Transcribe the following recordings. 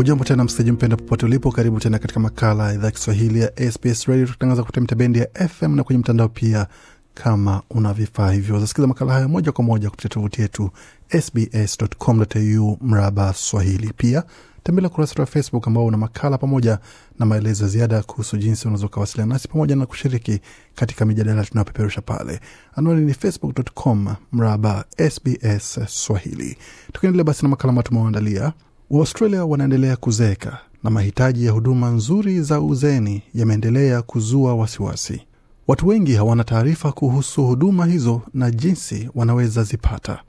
Ujambo tena msikilizaji mpenda, popote ulipo, karibu tena katika makala ya idhaa Kiswahili ya SBS Radio. tukitangaza kupitia mitabendi ya FM na kwenye mtandao pia, kama una vifaa hivyo zasikiliza makala haya moja kwa moja kupitia tovuti yetu sbs.com.au mraba swahili. Pia tembelea kurasa wa Facebook ambao una makala pamoja na maelezo ya ziada kuhusu jinsi unaweza ukawasiliana nasi pamoja na kushiriki katika mijadala tunayopeperusha pale. Anwani ni facebook.com mraba sbs swahili. Tukiendelea basi na makala ambayo tumewaandalia Waaustralia wanaendelea kuzeeka na mahitaji ya huduma nzuri za uzeeni yameendelea kuzua wasiwasi. Watu wengi hawana taarifa kuhusu huduma hizo na jinsi wanaweza zipata.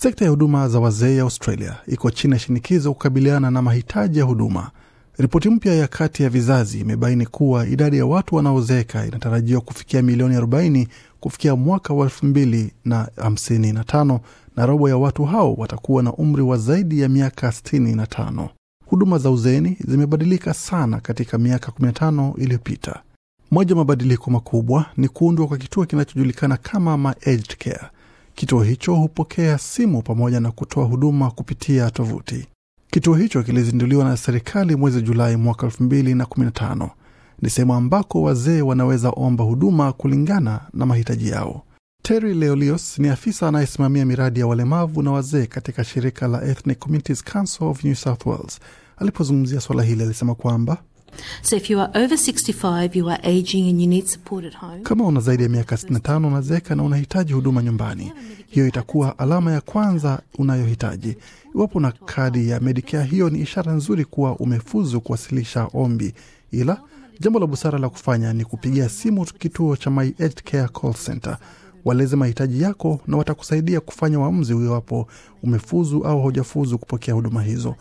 Sekta ya huduma za wazee ya Australia iko chini ya shinikizo kukabiliana na mahitaji ya huduma Ripoti mpya ya kati ya vizazi imebaini kuwa idadi ya watu wanaozeeka inatarajiwa kufikia milioni 40 kufikia mwaka wa 2055 na, na robo ya watu hao watakuwa na umri wa zaidi ya miaka 65. Huduma za uzeeni zimebadilika sana katika miaka 15 iliyopita. Moja ya mabadiliko makubwa ni kuundwa kwa kituo kinachojulikana kama My Aged Care. Kituo hicho hupokea simu pamoja na kutoa huduma kupitia tovuti. Kituo hicho kilizinduliwa na serikali mwezi Julai mwaka 215 Ni sehemu ambako wazee wanaweza omba huduma kulingana na mahitaji yao. Terry Leolios ni afisa anayesimamia miradi ya walemavu na wazee katika shirika la Ethnic Communities Council of New South Wales. Alipozungumzia swala hili alisema kwamba kama una zaidi ya miaka 65 unazeeka na unahitaji huduma nyumbani, hiyo itakuwa alama ya kwanza unayohitaji. Iwapo una kadi ya Medicare, hiyo ni ishara nzuri kuwa umefuzu kuwasilisha ombi, ila jambo la busara la kufanya ni kupigia simu kituo cha My Healthcare Call Center. Waeleze mahitaji yako na watakusaidia kufanya uamuzi iwapo umefuzu au haujafuzu kupokea huduma hizo.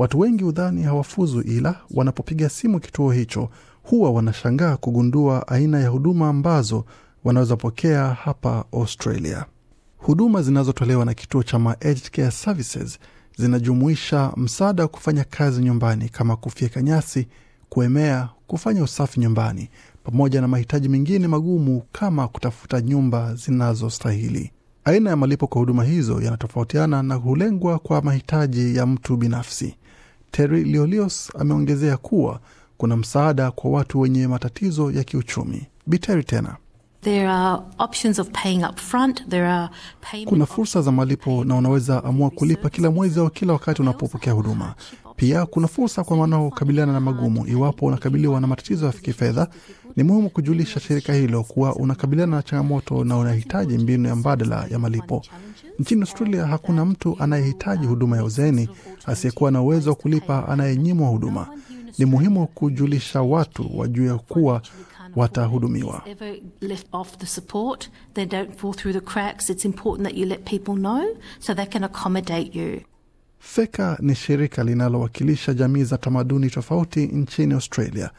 Watu wengi udhani hawafuzu, ila wanapopiga simu kituo hicho huwa wanashangaa kugundua aina ya huduma ambazo wanawezapokea hapa Australia. Huduma zinazotolewa na kituo cha Aged Care Services zinajumuisha msaada wa kufanya kazi nyumbani kama kufyeka nyasi, kuemea, kufanya usafi nyumbani, pamoja na mahitaji mengine magumu kama kutafuta nyumba zinazostahili. Aina ya malipo kwa huduma hizo yanatofautiana na hulengwa kwa mahitaji ya mtu binafsi. Terry Liolios ameongezea kuwa kuna msaada kwa watu wenye matatizo ya kiuchumi. Biteri tena There are options of paying up front. There are payment... kuna fursa za malipo na unaweza amua kulipa kila mwezi au kila wakati unapopokea huduma. Pia kuna fursa kwa wanaokabiliana na magumu. Iwapo unakabiliwa na matatizo ya kifedha, ni muhimu kujulisha shirika hilo kuwa unakabiliana na changamoto na unahitaji mbinu ya mbadala ya malipo. Nchini Australia hakuna mtu anayehitaji huduma ya uzeeni asiyekuwa na uwezo wa kulipa anayenyimwa huduma. Ni muhimu kujulisha watu wajue kuwa watahudumiwa. Feka ni shirika linalowakilisha jamii za tamaduni tofauti nchini Australia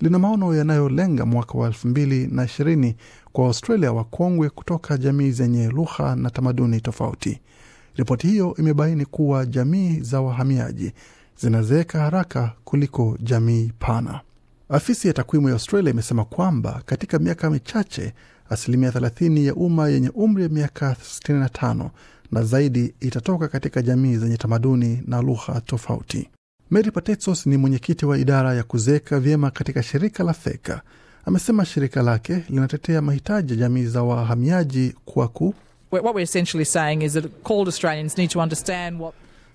lina maono yanayolenga mwaka wa elfu mbili na ishirini kwa Waustralia wakongwe kutoka jamii zenye lugha na tamaduni tofauti. Ripoti hiyo imebaini kuwa jamii za wahamiaji zinazeeka haraka kuliko jamii pana. Afisi ya takwimu ya Australia imesema kwamba katika miaka michache asilimia 30 ya umma yenye umri ya miaka 65 na zaidi itatoka katika jamii zenye tamaduni na lugha tofauti. Mary Patetsos ni mwenyekiti wa idara ya kuzeeka vyema katika shirika la Feka. Amesema shirika lake linatetea mahitaji ya jamii za wahamiaji kwa ku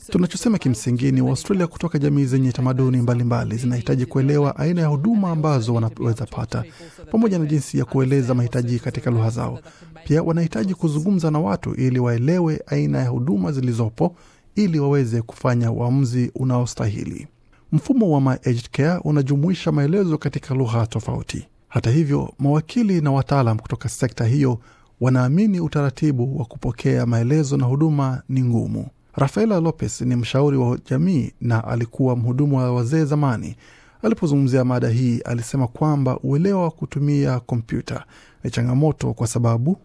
Tunachosema kimsingi ni Waaustralia kutoka jamii zenye tamaduni mbalimbali zinahitaji kuelewa aina ya huduma ambazo wanaweza pata pamoja na jinsi ya kueleza mahitaji katika lugha zao. Pia wanahitaji kuzungumza na watu ili waelewe aina ya huduma zilizopo ili waweze kufanya uamuzi unaostahili. Mfumo wa MyAgedCare unajumuisha maelezo katika lugha tofauti. Hata hivyo, mawakili na wataalam kutoka sekta hiyo wanaamini utaratibu wa kupokea maelezo na huduma ni ngumu. Rafaela Lopez ni mshauri wa jamii na alikuwa mhudumu wa wazee zamani. Alipozungumzia mada hii, alisema kwamba uelewa wa kutumia kompyuta ni changamoto kwa sababu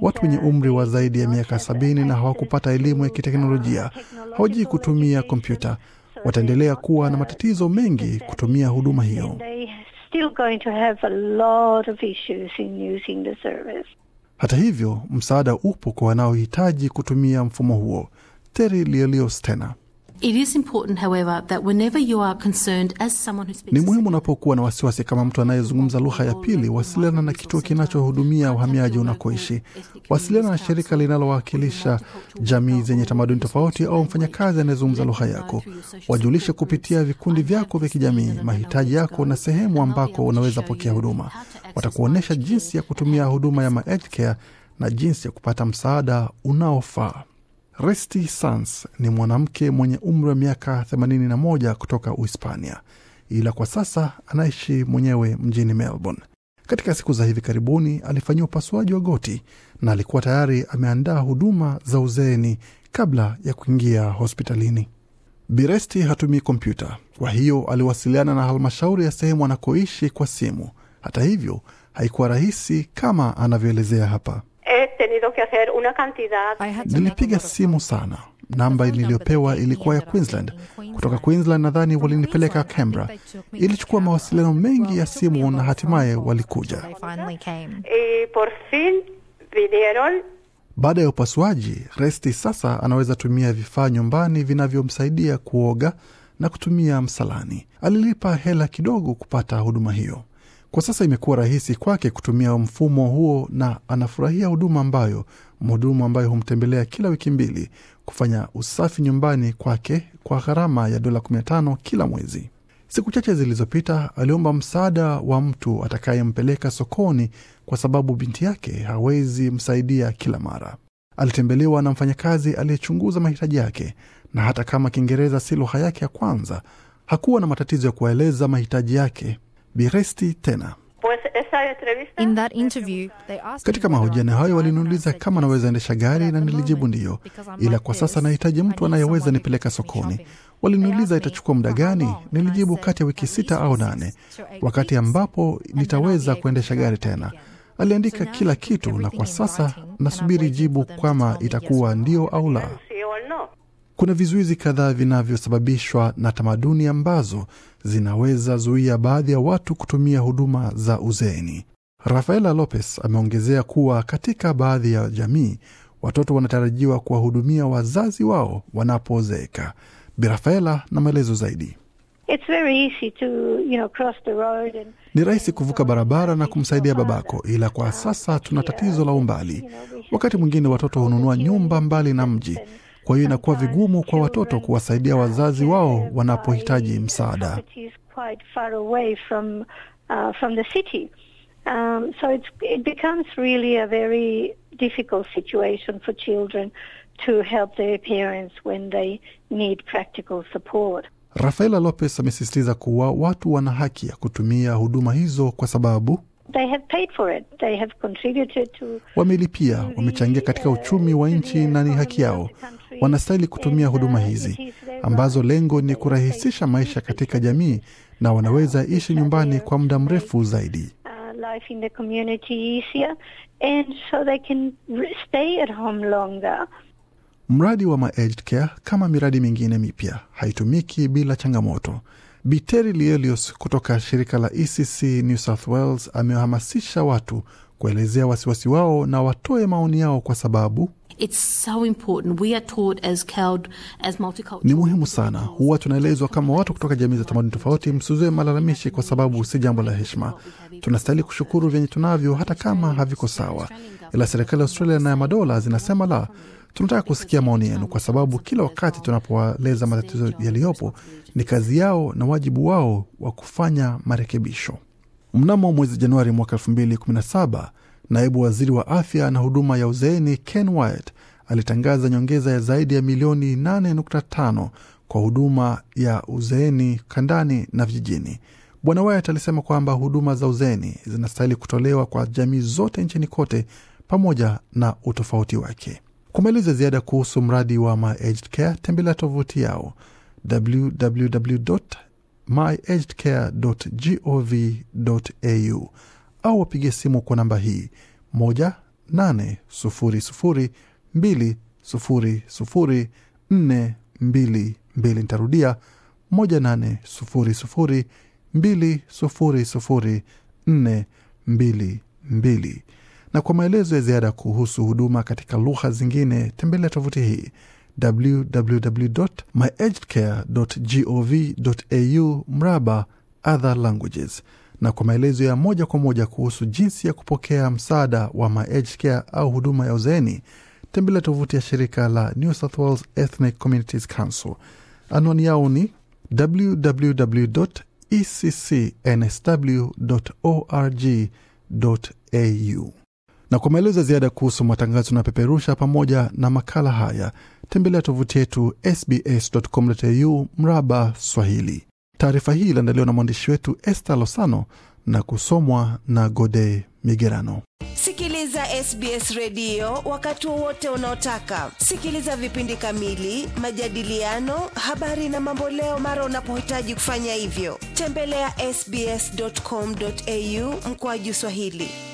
Watu wenye uh, umri wa zaidi ya miaka sabini na hawakupata elimu ya kiteknolojia, hawajui kutumia kompyuta, wataendelea kuwa na matatizo mengi kutumia huduma hiyo. Hata hivyo, msaada upo kwa wanaohitaji kutumia mfumo huo. Teri Lielio Stena ni muhimu unapokuwa na wasiwasi kama mtu anayezungumza lugha ya pili, wasiliana na kituo kinachohudumia uhamiaji unakoishi. Wasiliana na shirika linalowakilisha jamii zenye tamaduni tofauti au mfanyakazi anayezungumza lugha yako. Wajulishe kupitia vikundi vyako vya kijamii mahitaji yako na sehemu ambako unaweza pokea huduma. Watakuonyesha jinsi ya kutumia huduma ya MyHealthcare na jinsi ya kupata msaada unaofaa. Resti Sans ni mwanamke mwenye umri wa miaka 81 kutoka Uhispania, ila kwa sasa anaishi mwenyewe mjini Melbourne. Katika siku za hivi karibuni alifanyiwa upasuaji wa goti na alikuwa tayari ameandaa huduma za uzeeni kabla ya kuingia hospitalini. Biresti hatumii kompyuta, kwa hiyo aliwasiliana na halmashauri ya sehemu anakoishi kwa simu. Hata hivyo, haikuwa rahisi kama anavyoelezea hapa. Nilipiga simu sana, namba niliyopewa ilikuwa ya Queensland. Kutoka Queensland nadhani walinipeleka Canberra. Ilichukua mawasiliano mengi ya simu na hatimaye walikuja. Baada ya upasuaji, Resti sasa anaweza tumia vifaa nyumbani vinavyomsaidia kuoga na kutumia msalani. Alilipa hela kidogo kupata huduma hiyo. Kwa sasa imekuwa rahisi kwake kutumia mfumo huo na anafurahia huduma ambayo mhudumu ambaye humtembelea kila wiki mbili kufanya usafi nyumbani kwake kwa gharama ya dola 15 kila mwezi. Siku chache zilizopita aliomba msaada wa mtu atakayempeleka sokoni kwa sababu binti yake hawezi msaidia kila mara. Alitembelewa na mfanyakazi aliyechunguza mahitaji yake, na hata kama Kiingereza si lugha yake ya kwanza, hakuwa na matatizo ya kuwaeleza mahitaji yake Biresti tena. Katika mahojiano hayo waliniuliza kama naweza endesha gari na nilijibu ndiyo, ila kwa sasa nahitaji mtu anayeweza nipeleka sokoni. Waliniuliza itachukua muda gani, nilijibu kati ya wiki sita au nane, wakati ambapo nitaweza kuendesha gari tena. Aliandika kila kitu, na kwa sasa nasubiri jibu kama itakuwa ndio au la. Kuna vizuizi kadhaa vinavyosababishwa na tamaduni ambazo zinaweza zuia baadhi ya watu kutumia huduma za uzeeni. Rafaela Lopez ameongezea kuwa katika baadhi ya jamii watoto wanatarajiwa kuwahudumia wazazi wao wanapozeeka. Bi Rafaela na maelezo zaidi. It's very easy to, you know, cross the road and... ni rahisi kuvuka barabara na kumsaidia babako, ila kwa sasa tuna tatizo la umbali. Wakati mwingine watoto hununua nyumba mbali na mji kwa hiyo inakuwa vigumu kwa watoto kuwasaidia wazazi wao wanapohitaji msaada. Um, Rafaela Lopez amesisitiza kuwa watu wana haki ya kutumia huduma hizo kwa sababu they have paid for it. They have contributed to, wamelipia, wamechangia katika uchumi wa nchi na ni haki yao. Wanastahili kutumia huduma hizi ambazo lengo ni kurahisisha maisha katika jamii na wanaweza ishi nyumbani kwa muda mrefu zaidi. Uh, Mradi wa MyAgedCare kama miradi mingine mipya haitumiki bila changamoto. Biteri Lielios kutoka shirika la ECC New South Wales amewahamasisha watu kuelezea wasiwasi wao na watoe maoni yao kwa sababu It's so important. We are taught as as multicultural. Ni muhimu sana, huwa tunaelezwa kama watu kutoka jamii za tamaduni tofauti, msuzue malalamishi kwa sababu si jambo la heshima. Tunastahili kushukuru vyenye tunavyo hata kama haviko sawa, ila serikali ya Australia na ya madola zinasema la tunataka kusikia maoni yenu, kwa sababu kila wakati tunapowaeleza matatizo yaliyopo, ni kazi yao na wajibu wao wa kufanya marekebisho. Mnamo mwezi Januari mwaka 2017, naibu waziri wa afya na huduma ya uzeeni Ken wyatt alitangaza nyongeza ya zaidi ya milioni 8.5 kwa huduma ya uzeeni kandani na vijijini. Bwana Wyatt alisema kwamba huduma za uzeeni zinastahili kutolewa kwa jamii zote nchini kote pamoja na utofauti wake. Kwa maelezo ya ziada kuhusu mradi wa My Aged Care, tembelea tovuti yao www myagedcare.gov.au au wapige simu kwa namba hii 18002000422. Nitarudia 18002000422. Na kwa maelezo ya ziada kuhusu huduma katika lugha zingine tembelea tovuti hii www.myagedcare.gov.au mraba other languages, na kwa maelezo ya moja kwa moja kuhusu jinsi ya kupokea msaada wa myagedcare au huduma ya uzeeni, tembele tovuti ya shirika la New South Wales Ethnic Communities Council. Anwani yao ni www.eccnsw.org.au. Na kwa maelezo ya ziada kuhusu matangazo na peperusha pamoja na makala haya tembelea tovuti yetu sbs.com.au mraba Swahili. Taarifa hii iliandaliwa na mwandishi wetu Esther Losano na kusomwa na Gode Migerano. Sikiliza SBS redio wakati wowote unaotaka. Sikiliza vipindi kamili, majadiliano, habari na mamboleo mara unapohitaji kufanya hivyo. Tembelea ya sbs.com.au mkoaji Swahili.